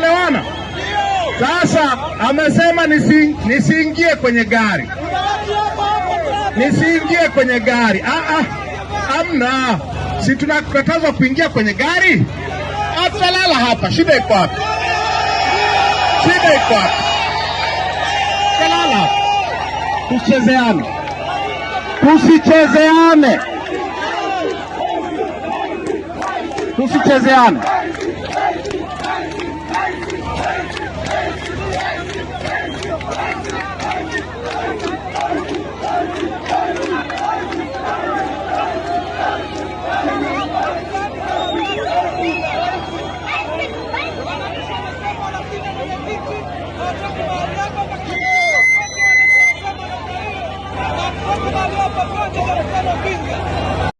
tunaelewana? Sasa amesema nisiingie nisi, kwenye gari, nisiingie kwenye gari. Ah, ah, amna, si tunakatazwa kuingia kwenye gari? Atalala hapa, shida iko wapi? Shida iko wapi? Talala, tusichezeane, tusichezeane, tusichezeane. Let's go.